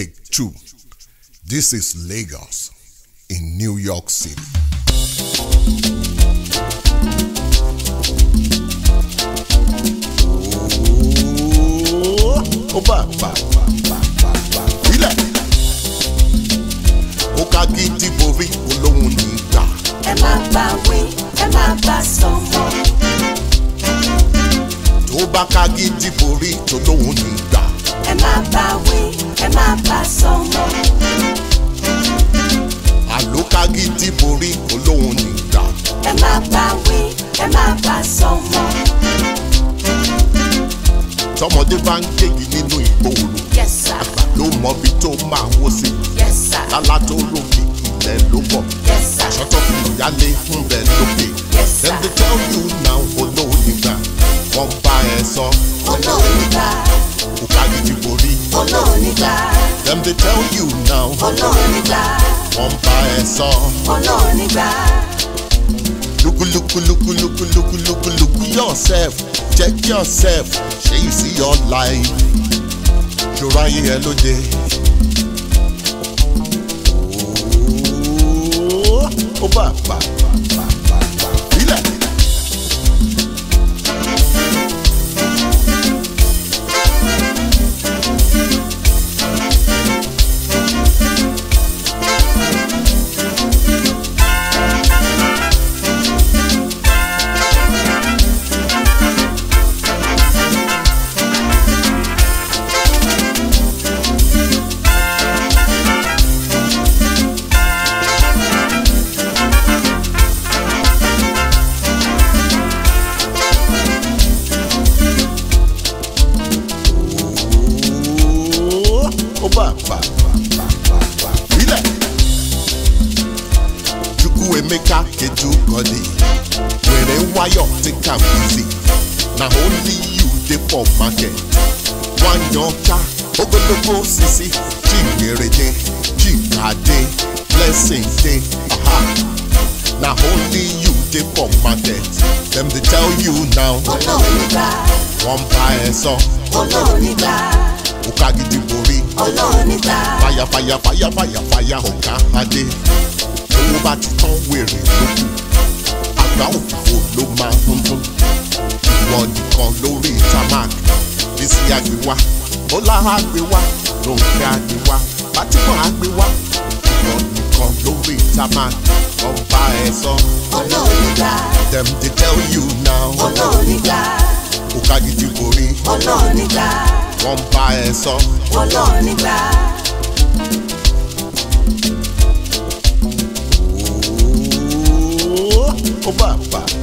Take two. This is Lagos in New York City. ó bà bà bà bà bà bà ó ká kí dìbò rí olóhùn ní ìgbà. ẹ má bá wí ẹ má bá sọ mọ́. tó bá ká kí dìbò rí tolóhùn ní ìgbà. ẹ má bá wí ẹ má bá sọmọ. àlùkági tí borí olóhùn nìgbà. ẹ má bá wí ẹ má bá sọmọ. tọmọdé bá ń kéyìí nínú ìgbóhùn. yes sir. àgbà ló mọ ibi tó máa wó sí. yes sir. lálá tó lókè ilẹ̀ ló pọ̀. aṣọ́tọ̀ fún ìyáálé fún rẹ̀ lókè. dem dey tell you now olóòyìnbá wọ́n bá ẹ sọ. So. nígbà. Dem dey tell you now. Ọlọ́run nígbà. Wọ́n bá ẹ sọ. Ọlọ́run nígbà. Look, look, look, look, look, look, look yourself. Check yourself. Ṣé you see your life? Ṣòro ayé ẹ lóde. fàǹfà ìbílẹ̀ Chukwu Emeka Ketu Ugodi wèrè nwayọ̀ tí Kambizi na only you dey for market Nwanyoka ogologo osisi Chinyerede Chikade blessing dey aha. na only you dey for market dem dey tell you now. olóòlù bá. wọ́n bá ẹ sọ ọlọ́run nígbà. òkà gidi borí. ọlọ́run nígbà. fàyà fàyà fàyà fàyà fàyà ọ̀gá adé. owó bá ti tán wèrè lójú. àgbà òkùnkùn ló máa ń dún. ìwọ nìkan lórí tamak. bísí àgbéwá bọ́lá àgbéwá lóńkẹ́ àgbéwá bátìmọ̀ àgbéwá. ìwọ nìkan lórí tamak. wọ́n bá ẹ sọ. ọlọ́run nígbà. dem dey tell you now. ọlọ́run nígbà kò kágidì borí. ọlọ́run nígbà. wọ́n bá ẹ sọ. ọlọ́run nígbà. ó bá a pa.